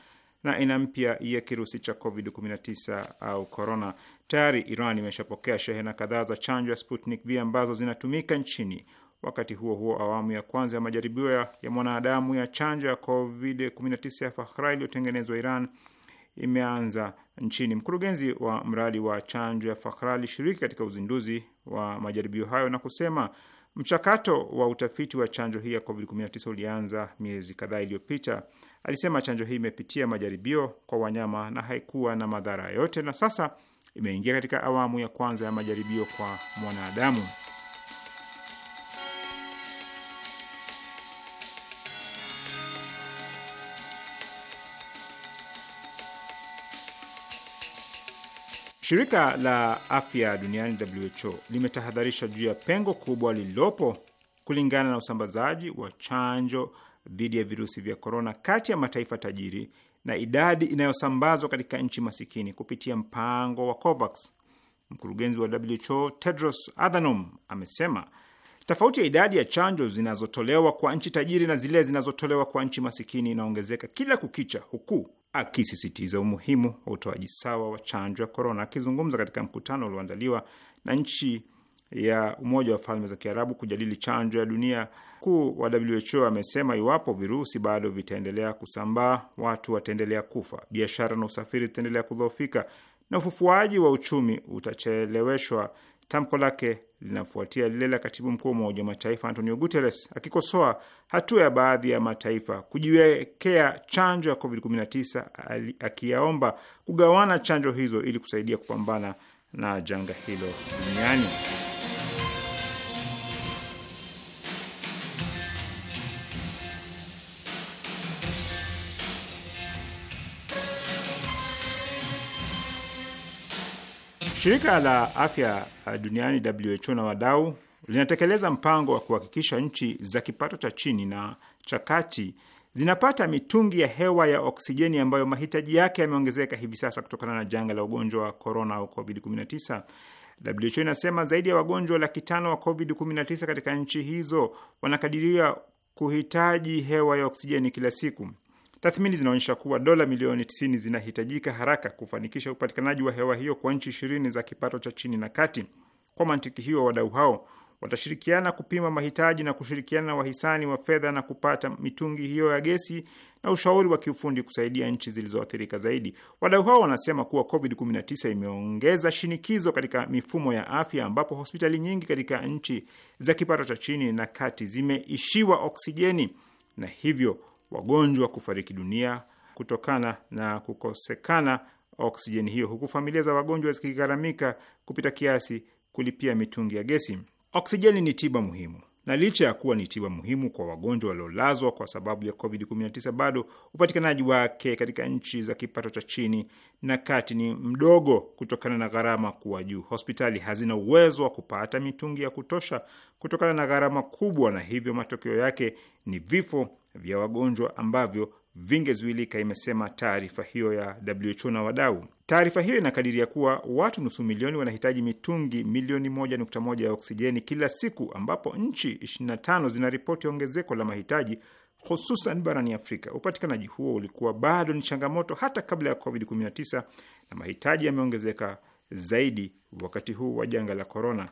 na aina mpya ya kirusi cha COVID-19 au corona. Tayari Iran imeshapokea shehena kadhaa za chanjo ya Sputnik V ambazo zinatumika nchini. Wakati huo huo, awamu ya kwanza ya majaribio ya, ya mwanadamu ya chanjo ya COVID-19 ya Fakhra iliyotengenezwa Iran imeanza nchini. Mkurugenzi wa mradi wa chanjo ya Fakhra alishiriki katika uzinduzi wa majaribio hayo na kusema mchakato wa utafiti wa chanjo hii ya COVID-19 ulianza miezi kadhaa iliyopita. Alisema chanjo hii imepitia majaribio kwa wanyama na haikuwa na madhara yote, na sasa imeingia katika awamu ya kwanza ya majaribio kwa mwanadamu. Shirika la afya duniani WHO limetahadharisha juu ya pengo kubwa lililopo kulingana na usambazaji wa chanjo dhidi ya virusi vya korona kati ya mataifa tajiri na idadi inayosambazwa katika nchi masikini kupitia mpango wa COVAX. Mkurugenzi wa WHO Tedros Adhanom amesema tofauti ya idadi ya chanjo zinazotolewa kwa nchi tajiri na zile zinazotolewa kwa nchi masikini inaongezeka kila kukicha, huku akisisitiza umuhimu wa utoaji sawa wa chanjo ya korona. Akizungumza katika mkutano ulioandaliwa na nchi ya Umoja wa Falme za Kiarabu kujadili chanjo ya dunia. Mkuu wa WHO amesema iwapo virusi bado vitaendelea kusambaa, watu wataendelea kufa, biashara na usafiri zitaendelea kudhoofika na ufufuaji wa uchumi utacheleweshwa. Tamko lake linafuatia lile la katibu mkuu wa Umoja wa Mataifa Antonio Guterres akikosoa hatua ya baadhi ya mataifa kujiwekea chanjo ya COVID-19, akiyaomba kugawana chanjo hizo ili kusaidia kupambana na janga hilo duniani. Shirika la afya uh, duniani WHO na wadau linatekeleza mpango wa kuhakikisha nchi za kipato cha chini na cha kati zinapata mitungi ya hewa ya oksijeni ambayo mahitaji yake yameongezeka hivi sasa kutokana na janga la ugonjwa wa corona au COVID-19. WHO inasema zaidi ya wagonjwa laki tano wa COVID-19 katika nchi hizo wanakadiria kuhitaji hewa ya oksijeni kila siku. Tathmini zinaonyesha kuwa dola milioni 90 zinahitajika haraka kufanikisha upatikanaji wa hewa hiyo kwa nchi ishirini za kipato cha chini na kati. Kwa mantiki hiyo, wadau hao watashirikiana kupima mahitaji na kushirikiana na wahisani wa fedha na kupata mitungi hiyo ya gesi na ushauri wa kiufundi kusaidia nchi zilizoathirika zaidi. Wadau hao wanasema kuwa COVID-19 imeongeza shinikizo katika mifumo ya afya, ambapo hospitali nyingi katika nchi za kipato cha chini na kati zimeishiwa oksijeni na hivyo wagonjwa kufariki dunia kutokana na kukosekana oksijeni hiyo, huku familia za wagonjwa zikigharamika kupita kiasi kulipia mitungi ya gesi. Oksijeni ni tiba muhimu na licha ya kuwa ni tiba muhimu kwa wagonjwa waliolazwa kwa sababu ya COVID-19, bado upatikanaji wake katika nchi za kipato cha chini na kati ni mdogo kutokana na gharama kuwa juu. Hospitali hazina uwezo wa kupata mitungi ya kutosha kutokana na gharama kubwa, na hivyo matokeo yake ni vifo vya wagonjwa ambavyo vingezuilika, imesema taarifa hiyo ya WHO na wadau. Taarifa hiyo inakadiria kuwa watu nusu milioni wanahitaji mitungi milioni moja nukta moja ya oksijeni kila siku, ambapo nchi 25 zinaripoti ongezeko la mahitaji hususan barani Afrika. Upatikanaji huo ulikuwa bado ni changamoto hata kabla ya COVID-19 na mahitaji yameongezeka zaidi wakati huu wa janga la korona.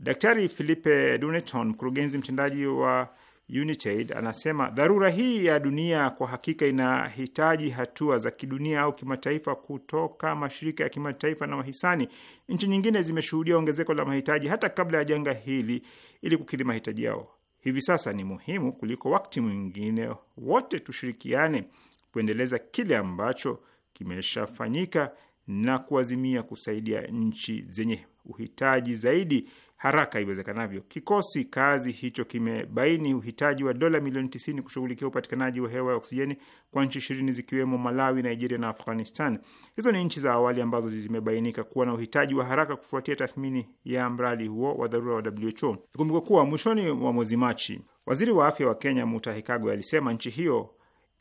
Daktari Philippe Duneton, mkurugenzi mtendaji wa United anasema dharura hii ya dunia kwa hakika inahitaji hatua za kidunia au kimataifa kutoka mashirika ya kimataifa na wahisani. Nchi nyingine zimeshuhudia ongezeko la mahitaji hata kabla ya janga hili, ili kukidhi mahitaji yao. Hivi sasa ni muhimu kuliko wakati mwingine wote, tushirikiane kuendeleza kile ambacho kimeshafanyika na kuazimia kusaidia nchi zenye uhitaji zaidi haraka iwezekanavyo. Kikosi kazi hicho kimebaini uhitaji wa dola milioni 90 kushughulikia upatikanaji wa hewa ya oksijeni kwa nchi ishirini zikiwemo Malawi, Nigeria na Afghanistan. Hizo ni nchi za awali ambazo zimebainika kuwa na uhitaji wa haraka kufuatia tathmini ya mradi huo wa dharura wa WHO. Ikumbuka kuwa mwishoni mwa mwezi Machi, waziri wa afya wa Kenya Mutahi Kagwe alisema nchi hiyo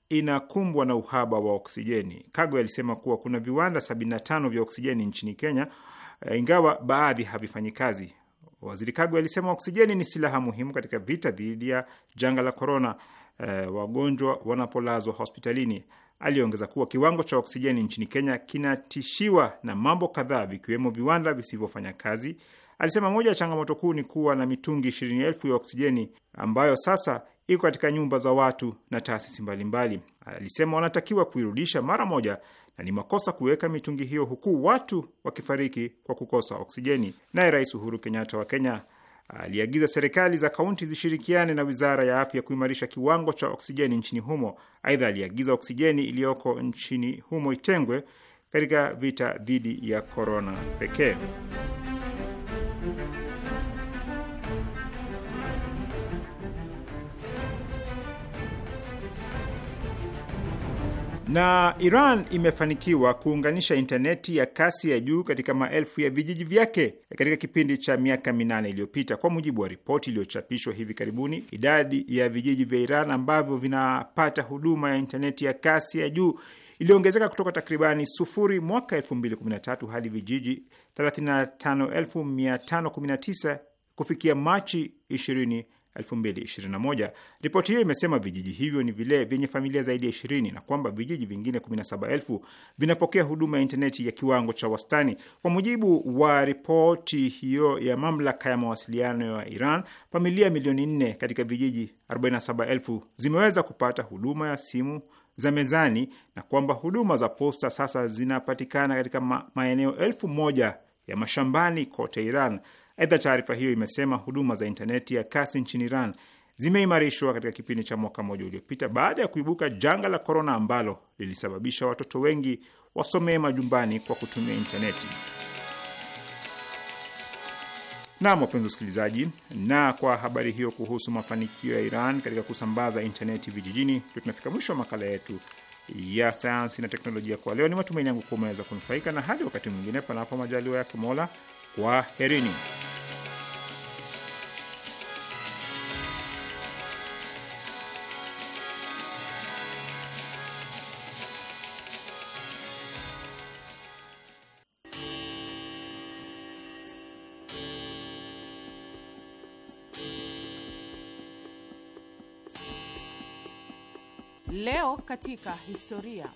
inakumbwa na uhaba wa oksijeni. Kagwe alisema kuwa kuna viwanda 75 vya oksijeni nchini Kenya, eh, ingawa baadhi havifanyi kazi. Waziri Kagwe alisema oksijeni ni silaha muhimu katika vita dhidi ya janga la korona, e, eh, wagonjwa wanapolazwa hospitalini. Aliongeza kuwa kiwango cha oksijeni nchini Kenya kinatishiwa na mambo kadhaa, vikiwemo viwanda visivyofanya kazi. Alisema moja ya changamoto kuu ni kuwa na mitungi ishirini elfu ya oksijeni ambayo sasa iko katika nyumba za watu na taasisi mbalimbali. Alisema wanatakiwa kuirudisha mara moja na ni makosa kuweka mitungi hiyo huku watu wakifariki kwa kukosa oksijeni. Naye Rais Uhuru Kenyatta wa Kenya aliagiza serikali za kaunti zishirikiane na wizara ya afya kuimarisha kiwango cha oksijeni nchini humo. Aidha, aliagiza oksijeni iliyoko nchini humo itengwe katika vita dhidi ya korona pekee. na Iran imefanikiwa kuunganisha intaneti ya kasi ya juu katika maelfu ya vijiji vyake katika kipindi cha miaka minane iliyopita. Kwa mujibu wa ripoti iliyochapishwa hivi karibuni, idadi ya vijiji vya Iran ambavyo vinapata huduma ya intaneti ya kasi ya juu iliongezeka kutoka takribani sufuri mwaka 2013 hadi vijiji 35519 kufikia Machi 2021. Ripoti hiyo imesema vijiji hivyo ni vile vyenye familia zaidi ya 20 na kwamba vijiji vingine 17,000 vinapokea huduma ya intaneti ya kiwango cha wastani. Kwa mujibu wa ripoti hiyo ya mamlaka ya mawasiliano ya Iran, familia milioni 4 katika vijiji 47,000 zimeweza kupata huduma ya simu za mezani na kwamba huduma za posta sasa zinapatikana katika ma maeneo elfu moja ya mashambani kote Iran. Aidha, taarifa hiyo imesema huduma za intaneti ya kasi nchini Iran zimeimarishwa katika kipindi cha mwaka mmoja uliopita baada ya kuibuka janga la korona ambalo lilisababisha watoto wengi wasomee majumbani kwa kutumia intaneti. Nam, wapenzi wasikilizaji, na kwa habari hiyo kuhusu mafanikio ya Iran katika kusambaza intaneti vijijini, ndio tunafika mwisho wa makala yetu ya sayansi na teknolojia kwa leo. Ni matumaini yangu kuwa umeweza kunufaika, na hadi wakati mwingine, panapo majaliwa yake Mola, herini Leo katika historia.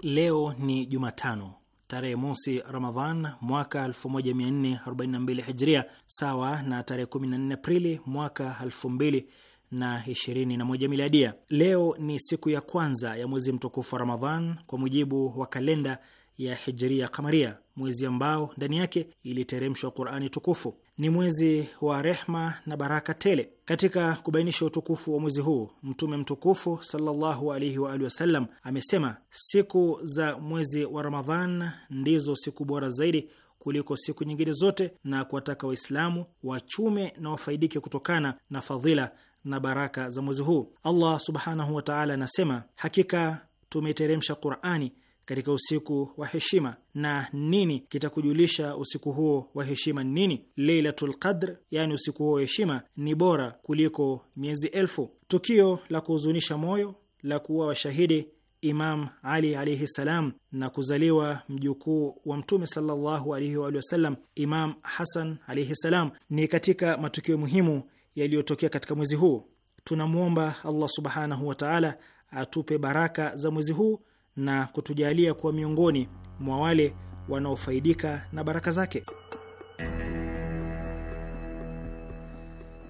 Leo ni Jumatano tarehe mosi Ramadhan mwaka 1442 Hijria, sawa na tarehe 14 Aprili mwaka 2021 Miladia. Leo ni siku ya kwanza ya mwezi mtukufu wa Ramadhan kwa mujibu wa kalenda ya Hijria Kamaria, mwezi ambao ndani yake iliteremshwa Qurani tukufu ni mwezi wa rehma na baraka tele. Katika kubainisha utukufu wa mwezi huu, Mtume mtukufu sallallahu alaihi wa alihi wasallam amesema, siku za mwezi wa Ramadhan ndizo siku bora zaidi kuliko siku nyingine zote, na kuwataka Waislamu wachume na wafaidike kutokana na fadhila na baraka za mwezi huu. Allah subhanahu wataala anasema, hakika tumeteremsha Qurani katika usiku wa heshima. Na nini kitakujulisha usiku huo wa heshima nini? Lailatul Qadr, yaani usiku huo wa heshima ni bora kuliko miezi elfu. Tukio la kuhuzunisha moyo la kuwa washahidi Imam Ali alaihi salam na kuzaliwa mjukuu wa Mtume sallallahu alaihi wa wasallam Imam Hasan alaihi salam ni katika matukio muhimu yaliyotokea katika mwezi huu. Tunamwomba Allah subhanahu wa taala atupe baraka za mwezi huu na kutujalia kuwa miongoni mwa wale wanaofaidika na baraka zake.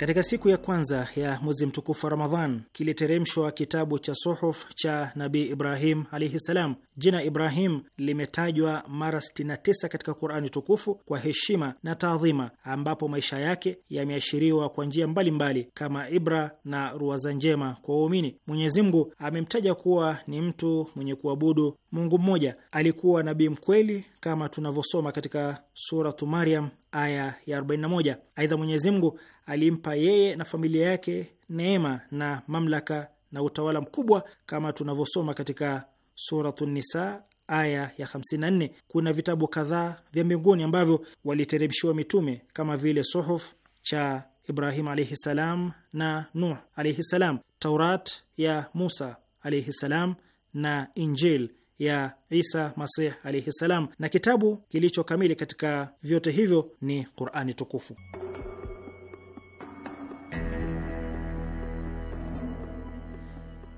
Katika siku ya kwanza ya mwezi mtukufu wa Ramadhan kiliteremshwa kitabu cha Suhuf cha Nabii Ibrahim alaihi ssalam Jina Ibrahim limetajwa mara 69 katika Qurani tukufu kwa heshima na taadhima, ambapo maisha yake yameashiriwa kwa njia mbalimbali kama ibra na ruwaza njema kwa waumini. Mwenyezi Mungu amemtaja kuwa ni mtu mwenye kuabudu Mungu mmoja alikuwa nabii mkweli kama tunavyosoma katika Suratu Mariam aya ya 41. Aidha, Mwenyezi Mungu alimpa yeye na familia yake neema na mamlaka na utawala mkubwa kama tunavyosoma katika Suratu Nisa aya ya 54. Kuna vitabu kadhaa vya mbinguni ambavyo waliteremshiwa mitume kama vile suhuf cha Ibrahim alaihi salam na Nuh alaihi salam, Taurat ya Musa alaihi salam na Injil ya Isa Masih alaihi salam, na kitabu kilicho kamili katika vyote hivyo ni Qurani tukufu.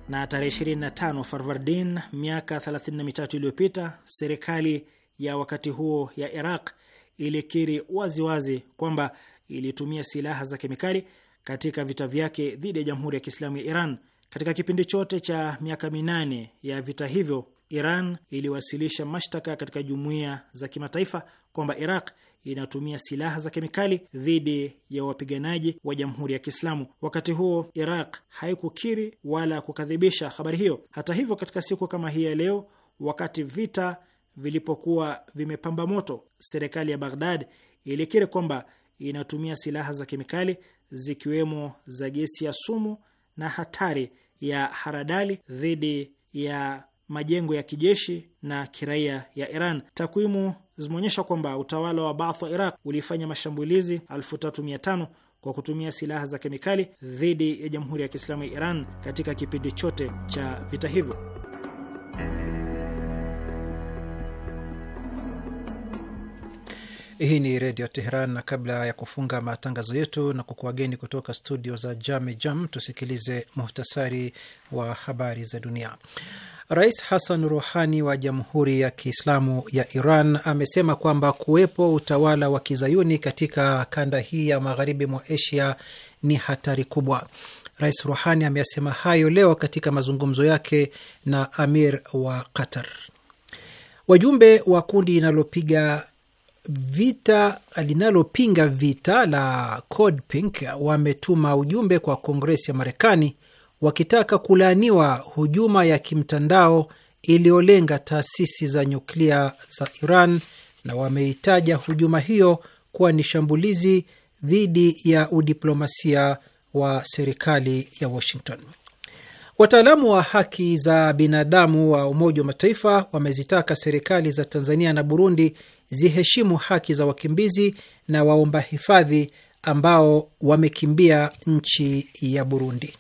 Na tarehe 25 Farvardin, miaka 33 iliyopita, serikali ya wakati huo ya Iraq ilikiri waziwazi kwamba ilitumia silaha za kemikali katika vita vyake dhidi ya Jamhuri ya Kiislamu ya Iran. Katika kipindi chote cha miaka minane ya vita hivyo Iran iliwasilisha mashtaka katika jumuiya za kimataifa kwamba Iraq inatumia silaha za kemikali dhidi ya wapiganaji wa Jamhuri ya Kiislamu. Wakati huo, Iraq haikukiri wala kukadhibisha habari hiyo. Hata hivyo, katika siku kama hii ya leo, wakati vita vilipokuwa vimepamba moto, serikali ya Baghdad ilikiri kwamba inatumia silaha za kemikali zikiwemo za gesi ya sumu na hatari ya haradali dhidi ya majengo ya kijeshi na kiraia ya Iran. Takwimu zimeonyesha kwamba utawala wa Baath wa Iraq ulifanya mashambulizi 3500 kwa kutumia silaha za kemikali dhidi ya Jamhuri ya Kiislamu ya Iran katika kipindi chote cha vita hivyo. Hii ni Redio Teheran, na kabla ya kufunga matangazo yetu na kukuwageni kutoka studio za Jame Jam, tusikilize muhtasari wa habari za dunia. Rais Hassan Rouhani wa Jamhuri ya Kiislamu ya Iran amesema kwamba kuwepo utawala wa kizayuni katika kanda hii ya magharibi mwa Asia ni hatari kubwa. Rais Rouhani ameyasema hayo leo katika mazungumzo yake na Amir wa Qatar. Wajumbe wa kundi linalopiga vita linalopinga vita la Code Pink wametuma ujumbe kwa Kongresi ya Marekani wakitaka kulaaniwa hujuma ya kimtandao iliyolenga taasisi za nyuklia za Iran na wameitaja hujuma hiyo kuwa ni shambulizi dhidi ya udiplomasia wa serikali ya Washington. Wataalamu wa haki za binadamu wa Umoja wa Mataifa wamezitaka serikali za Tanzania na Burundi ziheshimu haki za wakimbizi na waomba hifadhi ambao wamekimbia nchi ya Burundi.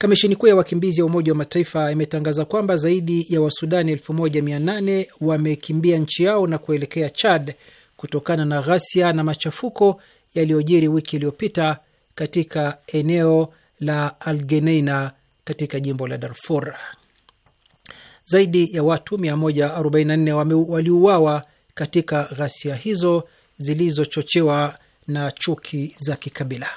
Kamisheni kuu ya wakimbizi ya Umoja wa Mataifa imetangaza kwamba zaidi ya Wasudani 1800 wamekimbia nchi yao na kuelekea Chad kutokana na ghasia na machafuko yaliyojiri wiki iliyopita katika eneo la Algeneina katika jimbo la Darfur. Zaidi ya watu 144 waliuawa katika ghasia hizo zilizochochewa na chuki za kikabila.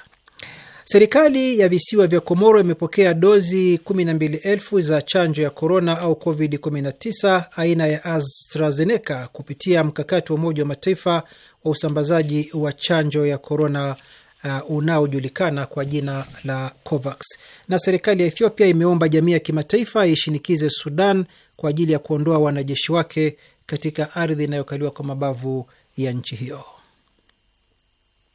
Serikali ya visiwa vya Komoro imepokea dozi 12,000 za chanjo ya korona au COVID-19 aina ya AstraZeneca kupitia mkakati wa Umoja wa Mataifa wa usambazaji wa chanjo ya korona uh, unaojulikana kwa jina la COVAX. Na serikali ya Ethiopia imeomba jamii ya kimataifa ishinikize Sudan kwa ajili ya kuondoa wanajeshi wake katika ardhi inayokaliwa kwa mabavu ya nchi hiyo.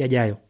yajayo.